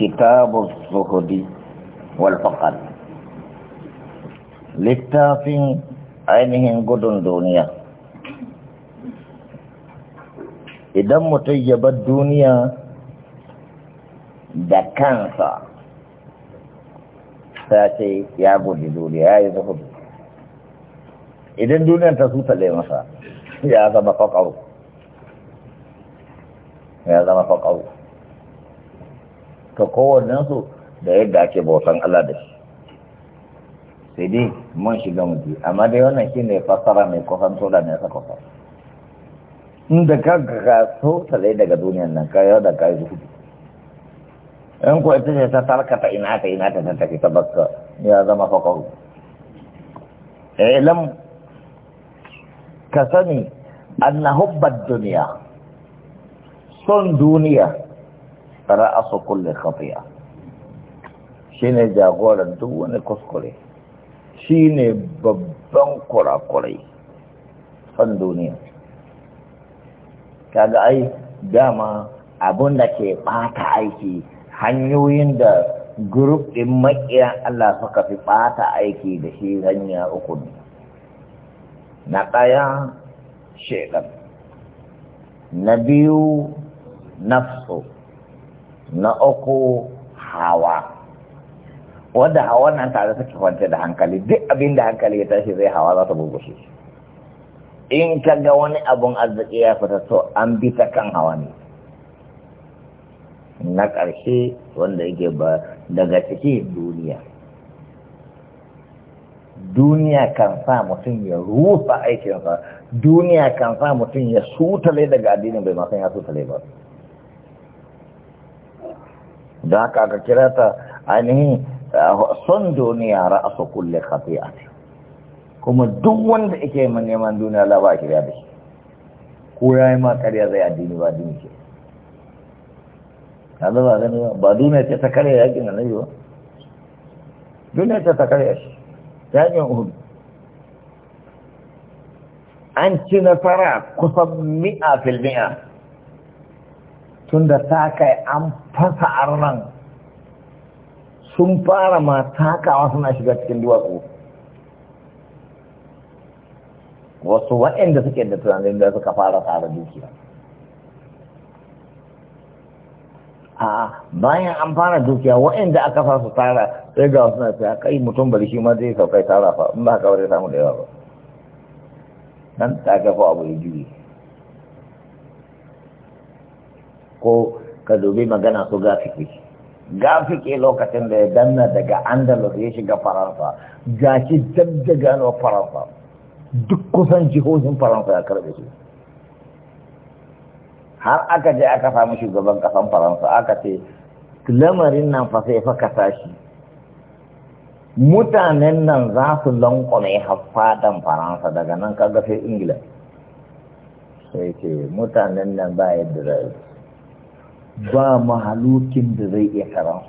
كتاب الزهد والفقد لتافين عينهم قدن دنيا إذا متيب الدنيا دكانسا ساتي يعبد الدنيا يا زهد إذا الدنيا تسوت لي مصر يا زهد فقعوا يا زهد فقعوا to kowannensu da yadda ake bautan Allah da shi sai dai mun shiga mutu amma dai wannan shi ne fassara mai kusanto da mai kwasa. inda ka ka so talai daga duniyan nan ka yau da ka yi zuhudu Yan ko ita ce ta tarkata ina ta ina ta ta tafi ta baka. ya zama fakaru ilam eh, ka sani an na hubbar duniya son duniya kulle kafiya shi shine jagoran duk wani kuskure Shi ne babban kurakurai fan duniya kaga ai dama abun da ke bata aiki hanyoyin da grup din makiya Allah suka fi bata aiki da shi hanya uku ne na ɗaya shekar na biyu nafsu na uku hawa wadda hawa nan tare take kwance da hankali duk abin da hankali ya tashi zai hawa za ta bubushe in ka ga wani abun arziki ya fita to an bi ta kan hawa ne na ƙarshe wanda yake ba daga ciki duniya duniya kan sa mutum ya rufa aikinsa duniya kan sa mutum ya sutale daga addinin bai masan ya sutale ba da haka aka kira ta ainihin eh, son duniya ra'asa kulle ce kuma duk wanda ake yi neman duniya la ba kira da shi ko ya yi ma karya zai addini ba addini ce kaza ba gani ba duniya ce ta karya yakin yi ba duniya ce ta karya shi yakin uhud an ci nasara kusan mi'a fil mi'a tunda ta kai an fasa arnan sun fara ma takawa suna shiga cikin duwatsu wasu waɗanda suke da tunanin da suka fara tsara dukiya a bayan an fara dukiya waɗanda aka fara su tara sai ga wasu na fiya kai mutum bari shi ma zai saukai tara fa in ba ka wani samu da yawa ba nan ta kafa abu ya juyi ko ka dubi magana su gafiki gafike lokacin da ya danna daga andalus ya shiga faransa gashi dab da gano faransa duk kusan jihohin faransa ya karbe su har aka je aka samu shugaban kasan faransa aka ce lamarin nan fa sai fa kasa shi mutanen nan za su lankwame haffadan faransa daga nan kaga sai ingila sai ce mutanen nan ba yadda da ba mahalukin da zai iya su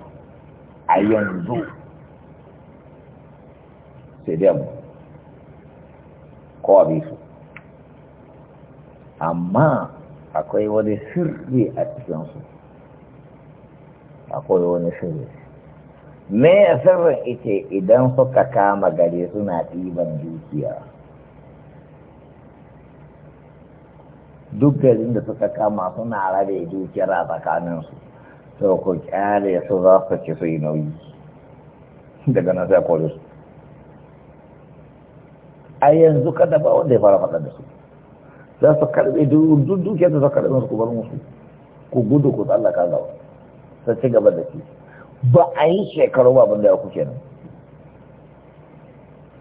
a yanzu sai dai mu kowa bai su amma akwai wani sirri a cikinsu akwai wani sirri me sirrin ita idan suka kama gare suna ɗiban dukiya duk garin da suka kama suna rabe dukiyar a tsakaninsu so ku kyale su za su ci su yi nauyi daga nan sai kore su a yanzu kada ba wanda ya fara faɗa da su za su karɓe duk dukiyar da su karɓe musu ku bar musu ku gudu ku tsallaka zawa sai ci gaba da shi ba a yi shekaru ba abin da ya kuke nan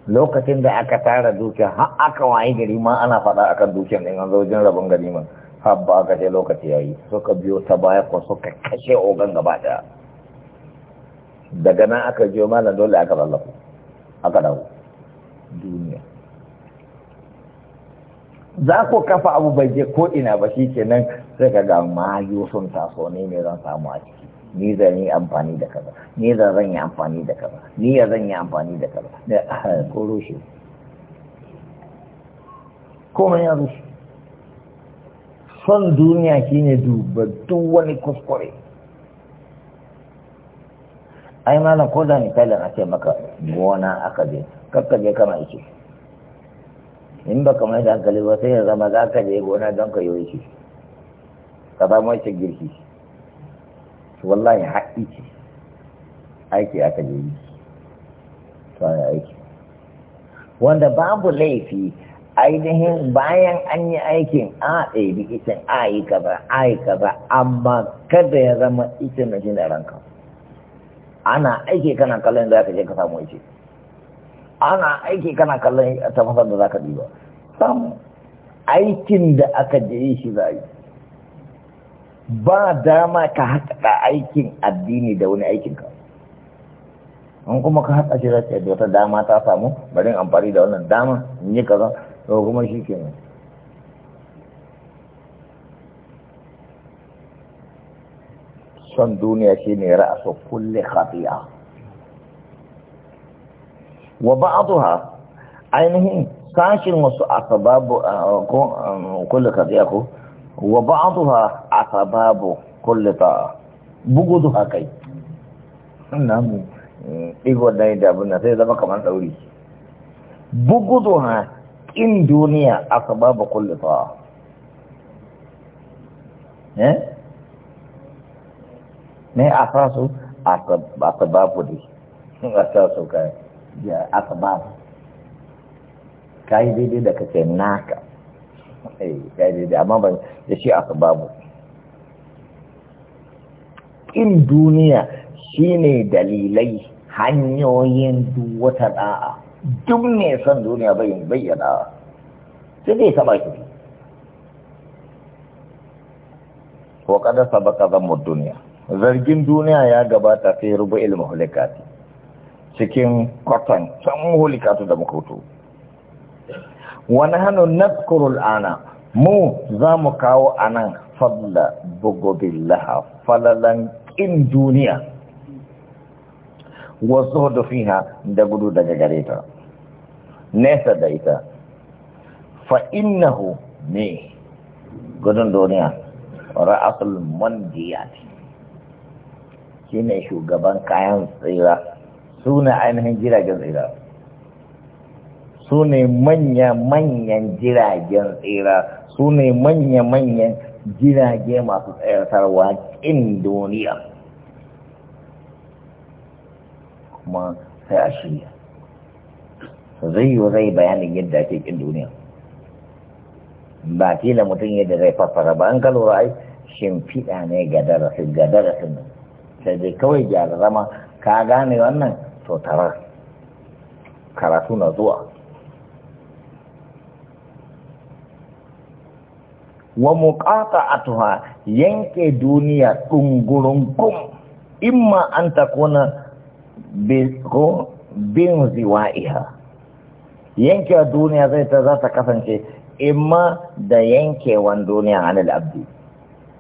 lokacin da aka tara dukiya har aka waye gari ma ana faɗa akan dukiyar ɗin an wajen rabon gari man habba aka ce lokaci ya yi suka biyo ta baya ko suka kashe ogan gaba ɗaya daga nan aka biyo malam dole aka lallafu aka dawo duniya za ku kafa abu bai je ko ina ba shi kenan sai ka ga mayu sun taso ne mai zan samu a ciki ni zan yi amfani da kaza ni zan zan yi amfani da kaza ni ya zan yi amfani da kaza da ko rushe komai ya rushe son duniya ne duba duk wani kuskure ai malam ko da misalin a ce maka gona aka je kakka je kana aiki in ba mai da hankali ba sai ya zama za ka je gona don ka yi aiki ka zama aikin girki wallahi haƙi ce aiki aka je yi tsaye aiki wanda babu laifi ainihin bayan an yi aikin a ɗaiɗi itin a yi kaza a yi kaza amma kada ya zama itin na shi da ranka ana aiki kana kallon za ka je ka samu ice ana aiki kana kallon tafasar da za ka ba samu aikin da aka je shi za a yi ba dama ka haɗa aikin addini da wani aikin ka an kuma ka haɗa shi za ka wata dama ta samu barin amfani da wannan dama in yi kaza to kuma shi ke nan son duniya shi ne ra'asa kulle khati'a wa ba'daha ainihin sashin wasu asbabu um, kulle khati'a ko wa ba'daha babu kulli ta'a bugu zuwa kai namu digo dai da abin sai zama kamar dauri bugu zuwa in duniya asbabu kulli ta'a eh ne asasu asbabu dai asasu kai ya asbabu kai daidai da kake naka eh kai daidai amma ban da shi sababu. ƙin duniya shi ne dalilai hanyoyin duk wata da'a duk ne son duniya bai bayyana sai dai ta baki ko kada sabaka zammar duniya zargin duniya ya gabata sai rubu rubu'il hulikati cikin kwatan can hulikatu da hutu. wani hannu na kurul ana mu za mu kawo anan fadla laha falalan in duniya wasu da ha da gudu daga gare nesa da ita fa ne gudun duniya ra'asul mandiyati ne shugaban kayan tsira ne ainihin jiragen tsira su ne manya-manyan jiragen tsira su ne manya-manyan jirage masu tarwa in duniya kuma sai a shirya zai yi zai bayanin yadda ake kin duniya ba tila mutum yadda zai fassara ba an ka lura shin shimfiɗa ne ga darasin ga darasin nan sai dai kawai gyara zama ka gane wannan to tarar karatu na zuwa wa a tuha yanke duniya ɗungurungun imma an takuna ko bin ziwa'iha yankewa duniya zai ta za ta kasance imma da yankewan duniya anil abdi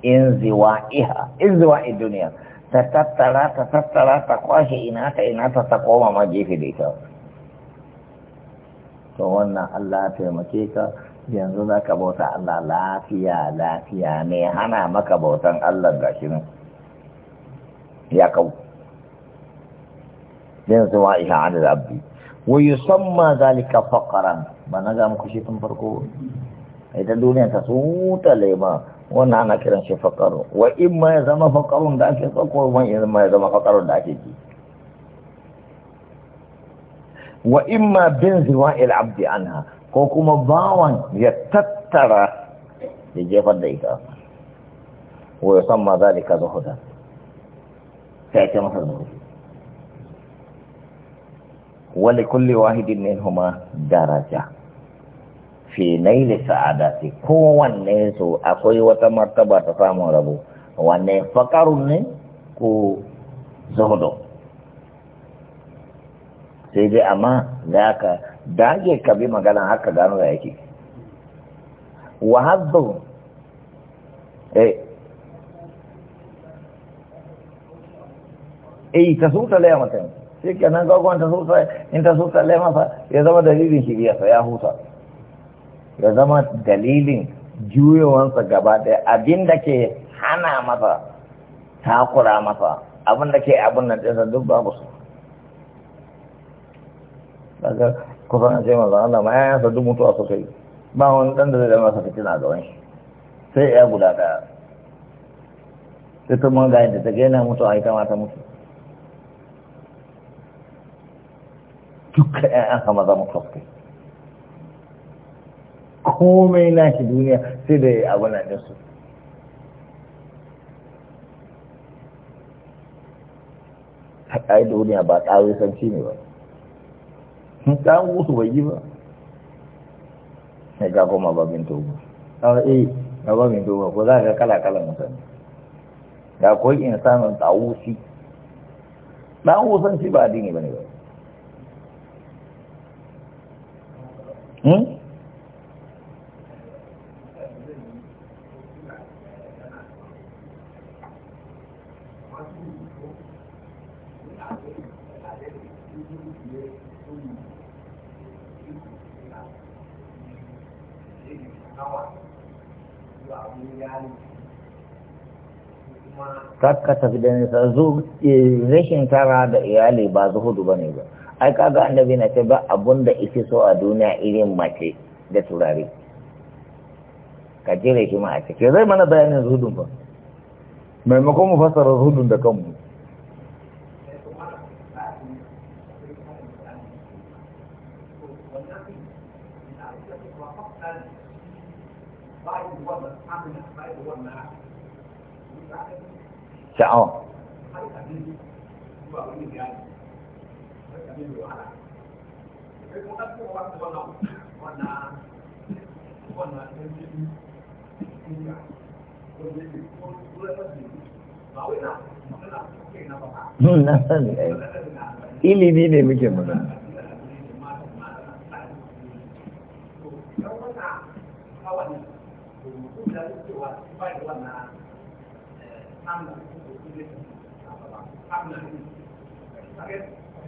in ziwa'iha in ziwa'i duniya ta tattara ta tattara ta kwashe ina ta ina ta ta koma ma gefe da ita to wannan Allah taimake ka yanzu za ka bauta Allah lafiya lafiya ne hana maka bautan Allah gashi ne ya kawo لانزوائها عن العبد ويسمى ذلك فقرا ما نجام كشيتم فرقو إذا الدنيا تسوت لما وانا انا كيران شي فقر واما يزما فقر دا كي فقر وما يزما فقر دا كي واما بانزواء العبد عنها ko kuma يتترى ya tattara ويسمى ذلك da فأتي wa yusamma wali kulli wahidin minhuma daraja fi naili sa'adati wanne su akwai wata martaba ta samu rabo wanne fakarun ne ko zuhudu sai dai amma da ka dage ka bi magana haka gano da yake wa haddu eh eh ta su ta laya mutane shi nan gwagwan ta sosa in ta sosa lai masa ya zama dalilin shi biyarsa ya huta ya zama dalilin juyowansa gaba ɗaya abin da ke hana masa takura masa abin da ke abin nan ɗinsa duk babu su daga kusan a ce maza Allah ma yayansa duk mutuwa suka yi ba wani ɗan da zai zama sa fitina ga wani sai ya guda ɗaya sai ta mun ga yadda ta gaina mutuwa ita ma ta mutu duka ‘ya'yansa maza mutafai komai shi duniya sai da ya abu na su ai duniya ba tsawai sanci ne ba sun kawo su bai yi ba sai ga kuma babin togo a eh na babin togo ko za kala kala-kalan mutane da kawai insanin tsawusi ɗan wusanci ba dini ba ne ba Hmm? kakka tafi da nisa zu eh, rashin tara da iyali ba zuhudu ba ne ba ai kaga annabi na ce ba abun da ike so a duniya irin mace da turare ka jira shi ma a cike zai mana bayanin zuhudun ba maimakon mu fassara zuhudun da kanmu sha'awa na sani ilimi ne muke magana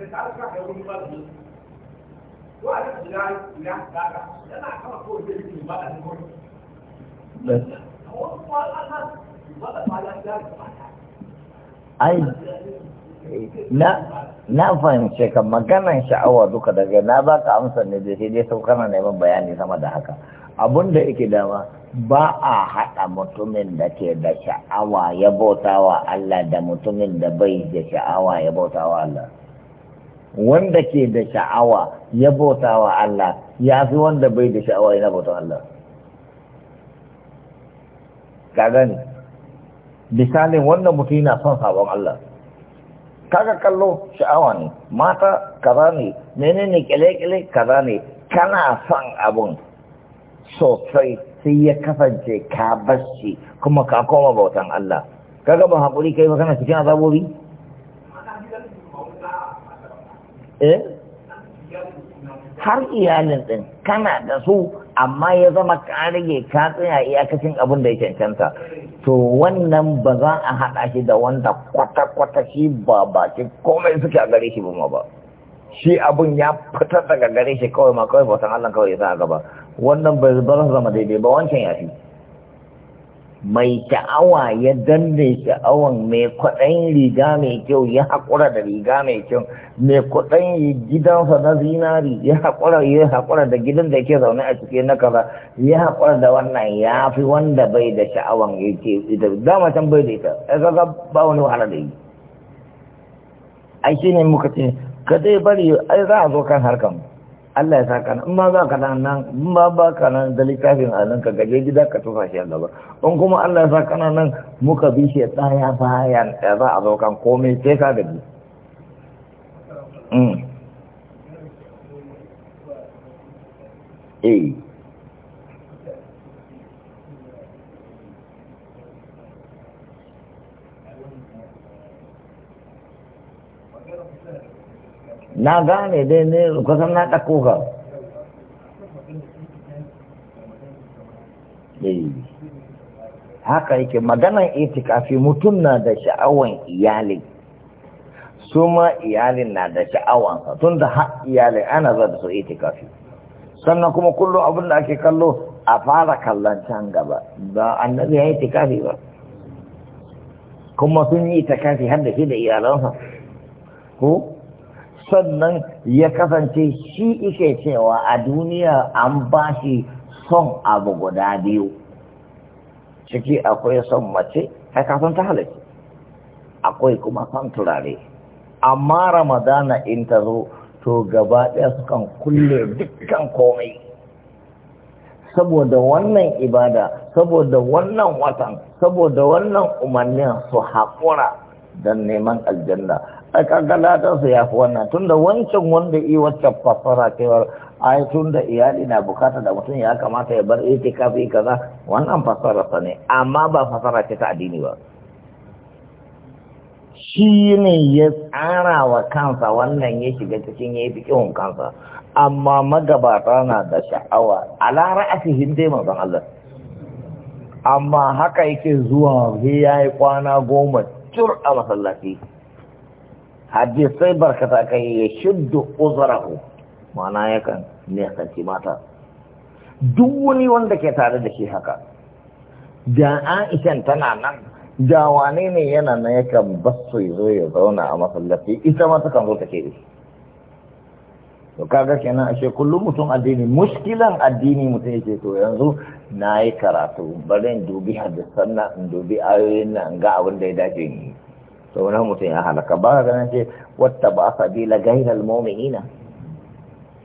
Thank ai na na fahimce ka maganar sha'awa duka daga na baka amsar ne da sai dai na neman bayani sama da haka abun da yake dama ba a haɗa mutumin da ke da sha'awa ya bautawa Allah da mutumin da bai da sha'awa ya bautawa Allah wanda ke da sha'awa ya bauta wa Allah ya fi wanda bai da sha'awa ya bauta Allah ka gani misalin wanda mutum yana son sabon Allah kaga kallo sha'awa ne mata kaza ne menene kyale-kyale kaza ne kana son abun sosai sai ya kasance ka bashi kuma ka koma bautan Allah kaga ba haƙuri kai ba kana cikin azabobi Eh? har iyalin din kana da su amma ya zama ka rage ka tsaya iyakacin abin da ya cancanta to wannan ba za a haɗa shi da wanda kwata-kwata shi ba bakin komai suke a gare shi ba ma ba shi abin ya fitar daga gare shi kawai ma kawai san Allah kawai ya sa gaba wannan bai zama daidai ba wancan ya fi mai sha'awa ya danne sha'awan mai kwaɗayin riga mai kyau ya haƙura da riga mai kyau mai kwaɗayin gidansa na zinari ya haƙura ya haƙura da gidan da ke zaune a cikin na kaza ya haƙura da wannan ya fi wanda bai da sha'awan ya ke ita dama can bai da ita ya kaga ba wani wahala da yi ai shi ne muka ce ka dai bari ai za a zo kan harkar mu Allah ya saka nan ma ba ka nan nan ma ba ka nan da likafin a nan ka gaje gida ka tufa shi gaba in kuma Allah ya saka nan nan muka bi shi tsaya bayan ya za a zo kan komai sai ka gaji mm. eh na gane dai ne kusan na ɗauko ga eh, haka yake maganan itikafi mutum na da sha'awan iyali su ma iyalin na da sha'awansa tun da ha iyali ana za da su itikafi sannan kuma kullum abin da ake kallo a fara kallon can gaba ba annabi ya yi itikafi ba kuma sun yi itikafi har da shi da iyalansa ko sannan ya kasance shi ike cewa a duniya an ba shi son abu guda biyu ciki akwai son mace haka son ta halitta akwai kuma son turare amma ramadana in ta zo to gaba ɗaya sukan kulle dukkan komai saboda wannan ibada saboda wannan watan saboda wannan umarnin su haƙura don neman aljanna a kankalatarsa ya fi wannan tunda wancan wanda yi wacce fassara cewar ai tun da iyali na bukata da mutum ya kamata ya bar kafi kaza wannan sa ne amma ba fassara ce ta addini ba shi ne ya tsara wa kansa wannan ya shiga cikin ya yi bikin kansa amma magabata na da sha'awa a lara a fi Allah amma haka yake zuwa ya yi kwana goma cur a masallaci sai barkata kai ya shiddu uzrahu ma'ana yakan nesanci mata duk wani wanda ke tare da shi haka da aishan tana nan da wane ne yana nan yakan basu yazo ya zauna a masallaci ita ma takan zo take shi to kaga kenan ashe kullum mutum addini muskilan addini mutum yake to yanzu na yi karatu bari in dubi hadisan nan in dubi ayoyin nan in ga abin da ya dace ni to wani mutum ya halaka ba ganin ce wata ba sabila gairal mu'minina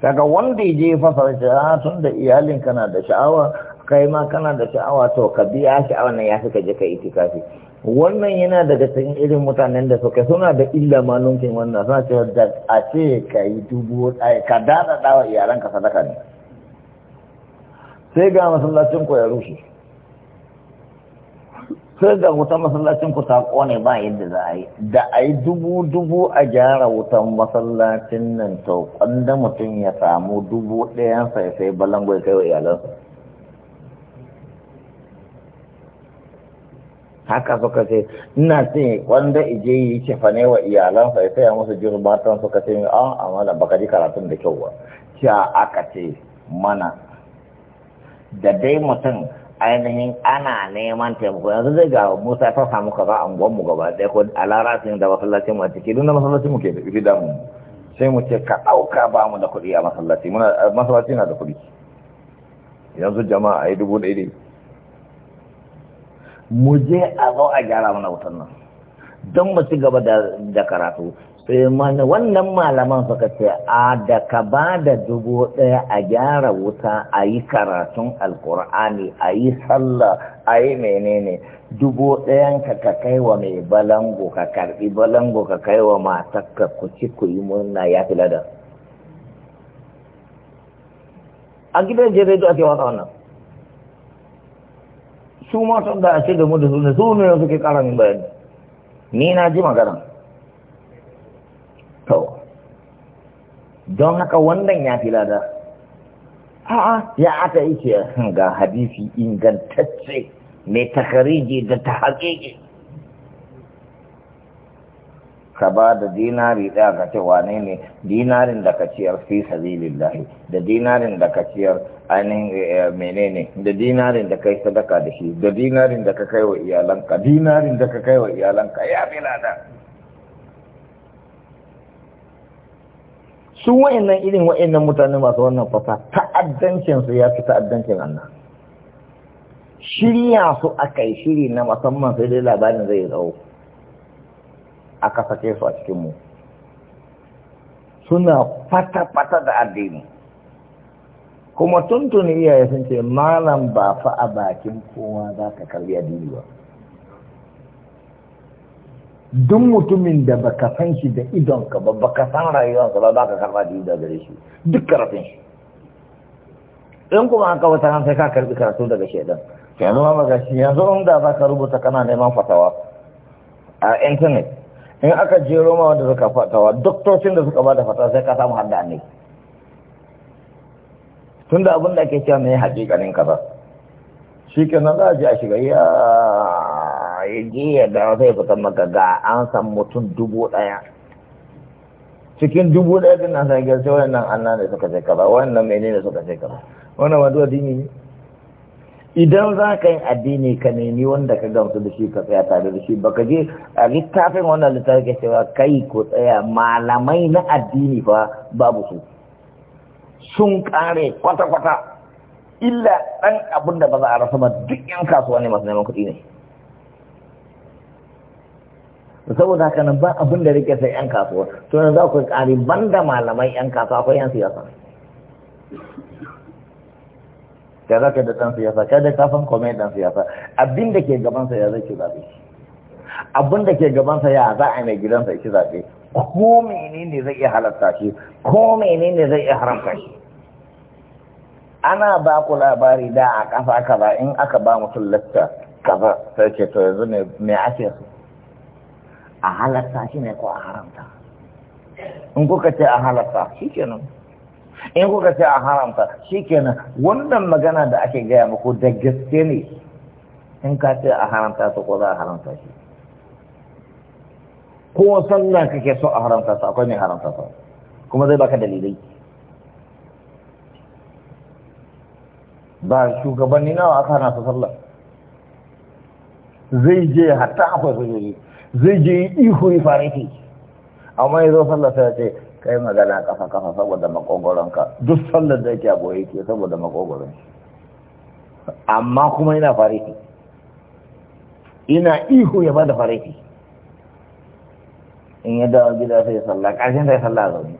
kaga wanda ya je fasara ah, tun da iyalin kana da sha'awa kai ma kana da sha'awa to ka biya sha'awa nan ya fi ka je ka itikafi wannan yana daga cikin irin mutanen da suka suna da illa ma nunkin wannan suna cewa da a ce ka yi dubu ɗaya ka dada dawa iyalanka sadaka ne sai ga masallacin ku ya rushe sai ga wutan masallacin ku ta kone ba yadda za a yi da a yi dubu dubu a gyara wutan masallacin nan to kwanda mutum ya samu dubu ɗayan sai sai balango ya kai wa haka suka ce ina ce wanda ije yi cefa ne wa iyalansa ya saya musu jirbatan suka ce a amala baka ji karatun da kyau ba Ya aka ce mana da dai mutum ainihin ana neman taimako yanzu zai ga musa fasa samu kaza a mu gaba ɗaya ko a larasin da masallacin mu a ciki duk na masallacin mu ke da fi damu sai mu ce ka ɗauka ba mu da kuɗi a masallaci muna masallaci na da kuɗi yanzu jama'a a yi dubu ɗaya ne mu je a zo a gyara mana wutan nan don mu ci gaba da karatu sai eh, mana wannan malaman suka ce a da ka ba da dubu ɗaya a gyara wuta a yi karatun alkur'ani a yi sallah a yi menene dubu ɗayan ka ka kai wa mai balango ka karbi balango ka kai wa matakka ku ci ku yi murna ya fi ladar a gidan jirage ake wata wannan su matan da a ce da mu da su ne su ne suke karamin bayani ni na ji magana don haka wannan ya fi lada a'a ya aka yake ga hadisi ingantacce mai takariji da ta haƙiƙi ka ba da dinari ɗaya ka ce wane ne dinarin da ka ciyar fi sabilillahi da dinarin da ka ciyar ainihin eh, eh, menene da dinarin da kai sadaka da shi da dinarin da ka kai wa iyalanka dinarin da ka kai wa iyalanka ya fi lada su wa'annan irin wa'annan mutane masu wannan fata su ya fi ta'addancin Allah shirya su aka yi shiri na musamman sai dai labarin zai tsawo aka sake su a cikin cikinmu suna fata-fata da addini kuma tuntuni iyaye sun ce malam ba fa a bakin kowa za ka karbi addini ba duk mutumin da baka san shi da idonka ba baka san rayuwarsa ba baka karba da ido gare shi duk karfin shi in kuma an kawo ta sai ka karbi karatu daga shaidan yanzu ma ga shi yanzu in da za ka rubuta kana neman fatawa a intanet in aka jero ma wanda suka fatawa doktocin da suka bada fatawa sai ka samu hadda ne Tunda da abin da ake cewa ne hakikanin kaza shi kenan za a je a shiga ya ya je ya dawo ya fita maka ga an san mutum dubu ɗaya cikin dubu ɗaya din nan sai gaske wannan annan ne suka ce kaza wannan menene suka ce kaza wannan wanda addini ne idan za ka yi addini ka nemi wanda ka gamsu da shi ka tsaya tare da shi ba ka je a littafin wannan littafin ka cewa kai ko tsaya malamai na addini fa babu su sun kare kwata-kwata illa ɗan abin da ba za a rasa ba duk 'yan kasuwa ne masu neman kuɗi ne saboda haka nan ba abin da rike sai yan kasuwa to yanzu akwai ƙari banda malamai yan kasuwa akwai yan siyasa da ka da ɗan siyasa kai da kafin komai ɗan siyasa abin da ke gabansa ya zai ci zaɓe abin da ke gabansa ya za a mai gidan sa ki zaɓe ko menene zai iya halatta shi ko menene zai iya haramta shi ana ba ku labari da a ƙasa kaza in aka ba mutum latta kaza sai ce to yanzu me ake so a halatta shi ne ko a haramta in kuka ce a halatta shi kenan in kuka ce a haramta shi kenan wannan magana da ake gaya muku da gaske ne in ka ce a haramta su ko za a haramta shi ko sallah kake so a haramta su akwai mai haramta su? kuma zai baka dalilai ba shugabanni nawa aka hana su sallah zai je hatta akwai sojoji zai je ihu ya fara ki amma ya zo sai ya ce kai magana kafa kafa saboda ka duk sallar da yake aboye ke saboda makogoron amma kuma yana fara ki ina ihu ya bada fara in ya dawo gida sai ya sallah ƙarshen sai a zaune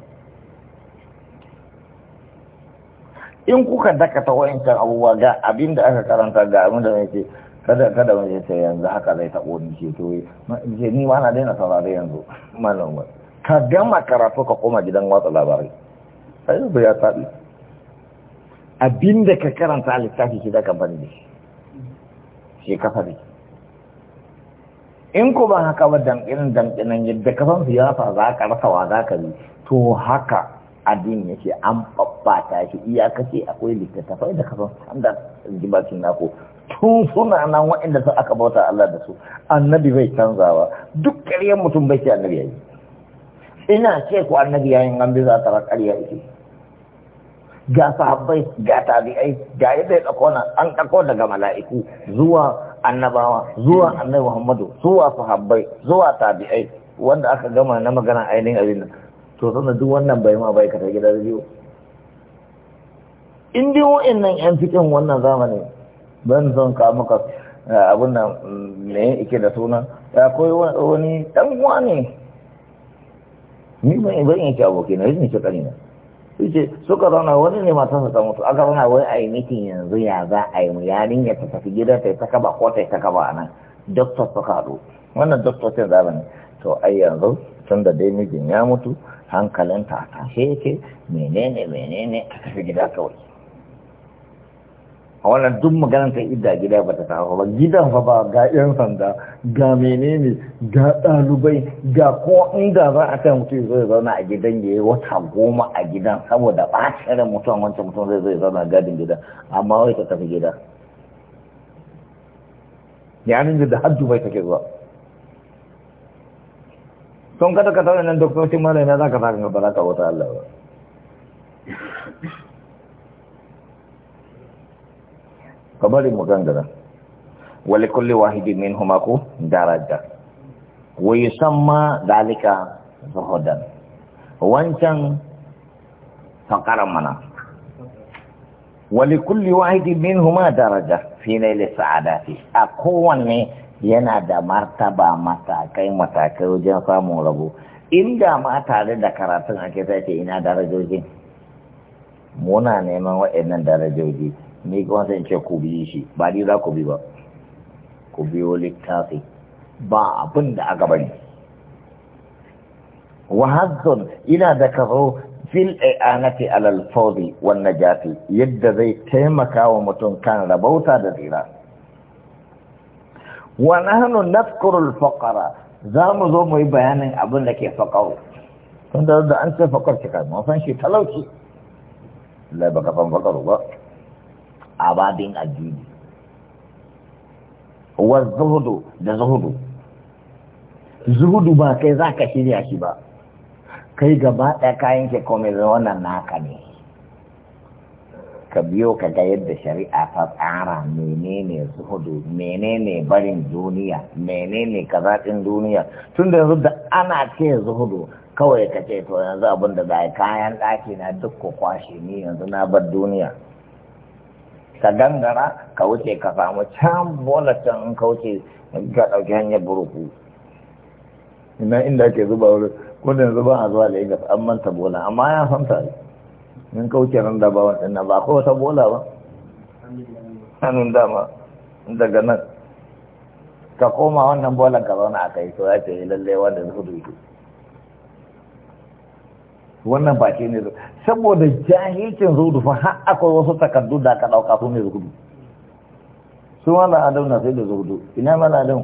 in kuka dakata wa'incan abubuwa ga abin da aka karanta ga abin da mai ce kada kada wani ce yanzu haka zai taɓo ni ce to je ni ma na daina saurare yanzu malam ka gama karatu ka koma gidan watsa labarai sai yanzu ya taɓi abinda ka karanta a littafi shi da ka bari da shi shi ka fari in ko ba haka ba damɗinin damɗinan yadda ka san siyasa za ka rasa wa za ka yi to haka addini yake an babbata shi iyakace akwai littattafai da kasan standard jibacin nako tun suna nan waɗanda sun aka bauta Allah da su annabi bai canzawa duk ƙaryar mutum bai ce annabi yayi ina ce ku annabi yayin an bi za ta ra ƙarya ita ga sahabbai ga tabi'ai ga yadda ya ɗauko na, an ɗauko daga mala'iku zuwa annabawa zuwa annabi Muhammadu zuwa sahabbai zuwa tabi'ai wanda aka gama na magana ainihin abin nan to sannan duk wannan bai ma bai ka ta gidan rediyo in dai wa'annan yan cikin wannan zamanin ban zan ka muka abin nan mm, me yake da suna ya koyi wani dan wani ni ban ban yake aboki na yin ce kanina yace suka zauna wani ne matan sa mutu aka zauna wai a yi mitin yanzu ya za a yi mu yarinya ta tafi gida ta ta kaba ko ta ta kaba ana. doctor ta haɗu wannan doctor sai zaba ne to ai yanzu tun da dai mijin ya mutu hankalinta ta tashe menene menene ta tafi gida kawai a wannan duk maganar ta idda gida ba ta taho ba gidan fa ba ga yan sanda ga menene ga ɗalibai ga ko inda za a kai mutum zai zauna a gidan ya yi wata goma a gidan saboda ɓacin mutum wancan mutum zai zai zauna a gadin gida amma wai ta tafi gida yanin da har bai take zuwa sun kada ka tauna nan doktocin malami za ka sa ba za ka wata Allah ba ka bari mu gangara wali kulli wahidin huma ku daraja wa yusamma dalika zuhudan wancan fakaran mana wali kulli wahidin huma daraja fi nail sa'adati a kowanne yana da martaba matakai matakai wajen samun rabo inda ma tare da karatun ake sai ina darajoji muna neman waannan darajoji ni kuma sai ce ku bi shi ba ni za ku bi ba ku biyo littafi ba abin da aka bari wahazzon ina da kafo fil i'anati alal fawzi wan najati yadda zai taimaka wa mutum kan rabauta da tsira wa nahnu nadhkuru al faqara za mu zo mu yi bayanin abin da ke faqaru tunda da an ce faqar shi kai mun san shi talauci Allah baka san faqaru ba ababin addini wa zuhudu da zuhudu zuhudu ba kai za ka shirya shi ba kai gaba ɗaya kayan ke komai zai wannan naka ne ka biyo ka ga yadda shari'a ta tsara menene zuhudu menene barin duniya menene kazaɗin duniya tun da yanzu da ana ce zuhudu kawai ka ce to yanzu abin da kayan ɗaki na duk ku kwashe ni yanzu na bar duniya ka gangara ka wuce ka samu can bola can in ka wuce ga ɗauki hanyar buruku ina inda ke zuba wurin yanzu ba a zuwa da lagos an manta bola amma ya san ne. in ka wuce nan da ba wani na ba ko wata bola ba hannun dama daga nan ka koma wannan bolan ka zauna a kai to ya ce lalle wanda zuhudu ito wannan ba ke ne saboda jahilcin zudu fa har akwai wasu takardu da aka ɗauka su ne zudu su mana adam na sai da zudu ina mana adam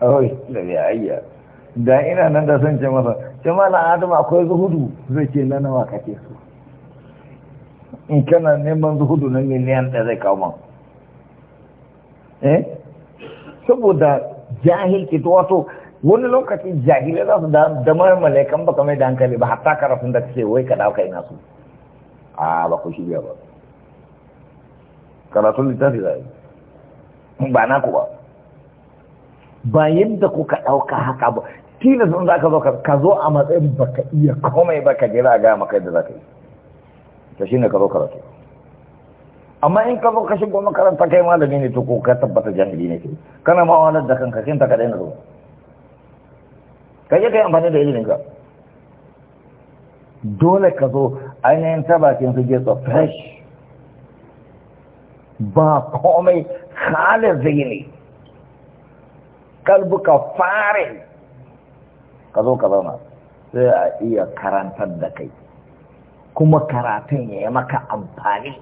oi da ya ayya da ina nan da san ce masa ce mana adam akwai zuhudu zai ce na nawa kake su in kana neman zuhudu na miliyan ɗaya zai kawo man eh saboda jahilci wato wani lokaci jahilai za su da marmalai kan baka mai da hankali ba hatta karafin da ce wai ka dauka ina su a ba ku shirya ba karatun littafi za yi ba na ku ba ba yadda ka dauka haka ba tilas sun za ka zo ka zo a matsayin baka iya komai ba ka jira ga maka yadda za ka yi ta shi ne ka zo karatu amma in ka zo ka shigo makaranta kai malami ne to ko ka tabbata jami'i ne ke kana ma wani da kanka kin ta ka daina zuwa ka je ka yi amfani da ilimin ka dole ka zo ainihin ta bakin su get of fresh ba komai halin zini kalbuka fare ka zo ka zauna sai a iya karantar da kai kuma karatun ya yi maka amfani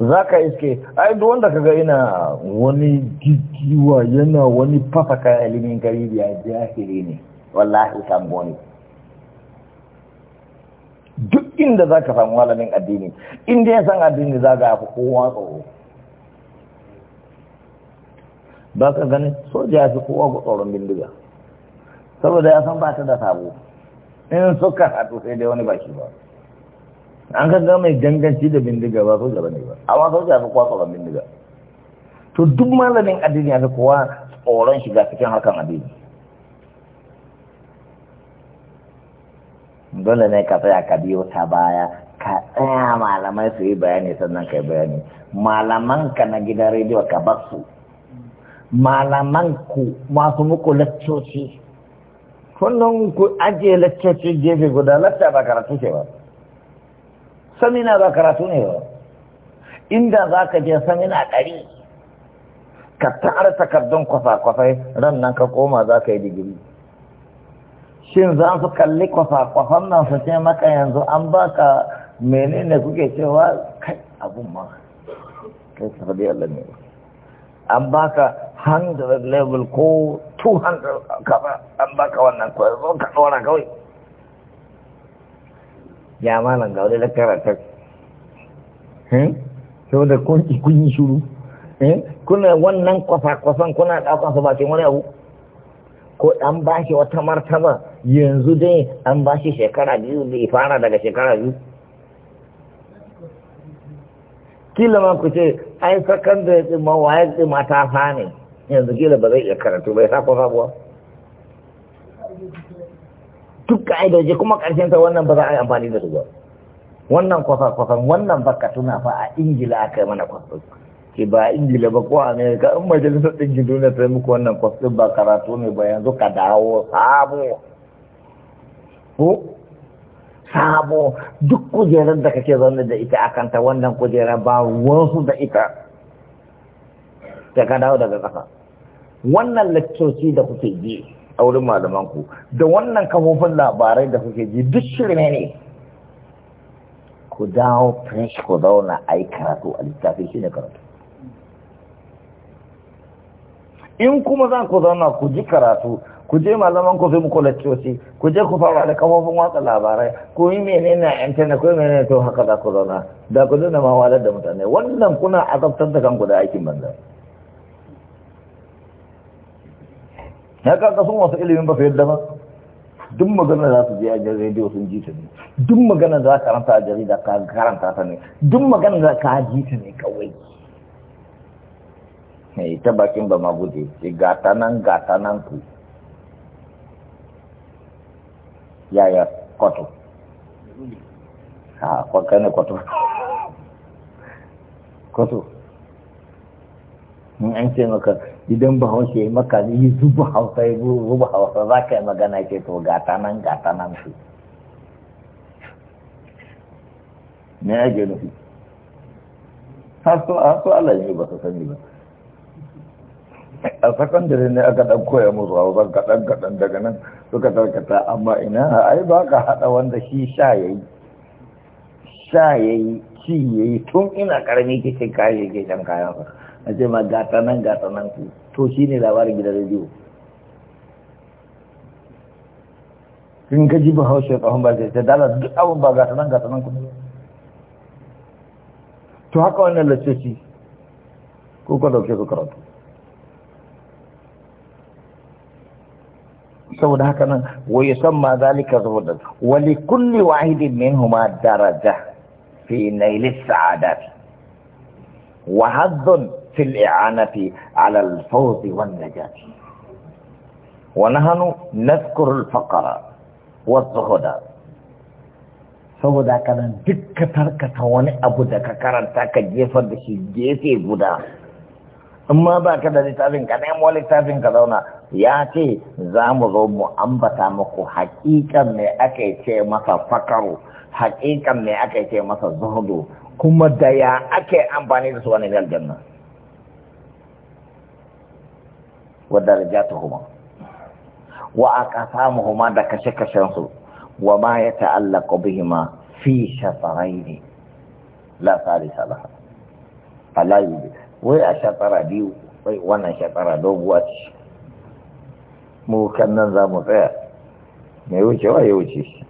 za ka iske ai duk wanda kaga ina wani gigiwa yana wani fafaka ilimin garibi ya jahili ne wallahi sambo ne duk inda za ka samu malamin addini inda ya san addini za ga fi kowa tsoro ba ka gani soja ya fi kowa ga tsoron bindiga saboda ya san ba ta da sabo in suka haɗu sai dai wani baki ba an ga mai ganganci da bindiga ba soja ba ne ba amma soja fi kwaso ban bindiga to duk malamin addini ya fi kowa tsoron shiga cikin harkan addini dole ne ka tsaya ka biyo ta baya ka tsaya malamai su yi bayani sannan ka bayani malaman ka na gidan rediyo ka bar su malaman ku masu muku lakcoci. kullum ku ajiye lakcoci gefe guda lacca ba karatu ce ba samina ba karatu ne ba inda za ka je samina ɗari ka tara takardun kwasa-kwasai ran nan ka koma za ka yi digiri shin za su kalli kwasa-kwasan nan su ce maka yanzu an ba ka menene kuke cewa kai abun ma kai sarari Allah ne an ba ka 100 level ko 200 kafa an ba ka wannan kwazo ka kawai ya malam ga wani lakkaratar eh? saboda kun yi shuru eh? kuna wannan kwasa kwasan, kuna ɗaukan su bakin wani abu ko an ba shi wata martaba yanzu dai an ba shi shekara biyu bai fara daga shekara biyu kila ma ku ce ai da ya ma wa ya ma ta sa ne yanzu kila ba zai iya karatu bai sa kwasa buwa duk ka'idoji kuma ƙarshen ta wannan ba za a yi amfani da su ba wannan kwafa-kwafan wannan baka tuna fa a ingila aka yi mana kwafa ke ba a ingila ba ko amerika in majalisar ɗinkin duniya ta yi muku wannan kwafa ba karatu ne ba yanzu ka dawo sabo ko sabo duk kujerar da kake zaune da ita a kanta wannan kujera ba wasu da ita da ka dawo daga ƙasa wannan lakcoci da kuke biyu A wurin malamanku da wannan kafofin labarai da kuke ji duk shirme ne ku dawo fresh ku zauna a yi karatu a littafi shi ne karatu in kuma za ku zauna ku ji karatu ku je malaman ku fi mu kwalaccoci ku je ku fara da kafofin watsa labarai ku yi menene a intanet ku yi menene to haka za ku zauna da ku zauna ma walar da mutane wannan kuna azabtar da kanku da aikin banza. ya kaka sun wasu ilimin ba su yadda ba duk magana za su je a jan rediyo sun ji ta ne duk magana za ka ranta a jarida ka karanta ta ne duk magana za ka ji ta ne kawai mai eh, ta bakin ba ma guje ce eh, gata nan gata nan ku yaya kwato ha kwakane kwato kwato in an ce maka idan ba hausa ya maka yi zuba hausa ya zuba hausa za ka yi magana ce to gata nan gata nan su ne ya ke nufi hasu Allah ne ba su sani ba a sakandare ne aka ɗan koya musu wasan kaɗan kaɗan daga nan suka tarkata amma ina ai ba ka haɗa wanda shi sha ya yi sha ya yi ci ya yi tun ina ƙarami kicin kayan keken kayan sa a ce ma gata tu gata nan ku to shi ne labarin gidan rediyo in ka ji bahaushe tsohon ba sai dala duk abin ba gata nan gata nan ku to haka wannan lassoci ko ka dauke su karatu saboda haka nan wa yusamma zalika zuhudan wa li kulli wahidin minhuma daraja fi nail as-sa'adat wa hadd في الإعانة على الفوز والنجاة ونحن نذكر الفقر والزهد saboda duk ka tarkata wani abu da ka karanta ka jefar da shi gefe guda in ba ka da littafin ka nemo littafin ka zauna ya ce za mu zo mu ambata muku hakikan me aka ce masa fakaru hakikan me aka ce masa zuhudu kuma da ya ake amfani da su wani aljanna wa darajatuhuma wa aqsamuhuma da kashe-kashen su wa ma yata'allaqu bihima fi shafaraini la salisa laha fala wai a shafara biyu wai wannan shafara doguwa ce mu kan nan za mu tsaya mai wucewa ya wuce shi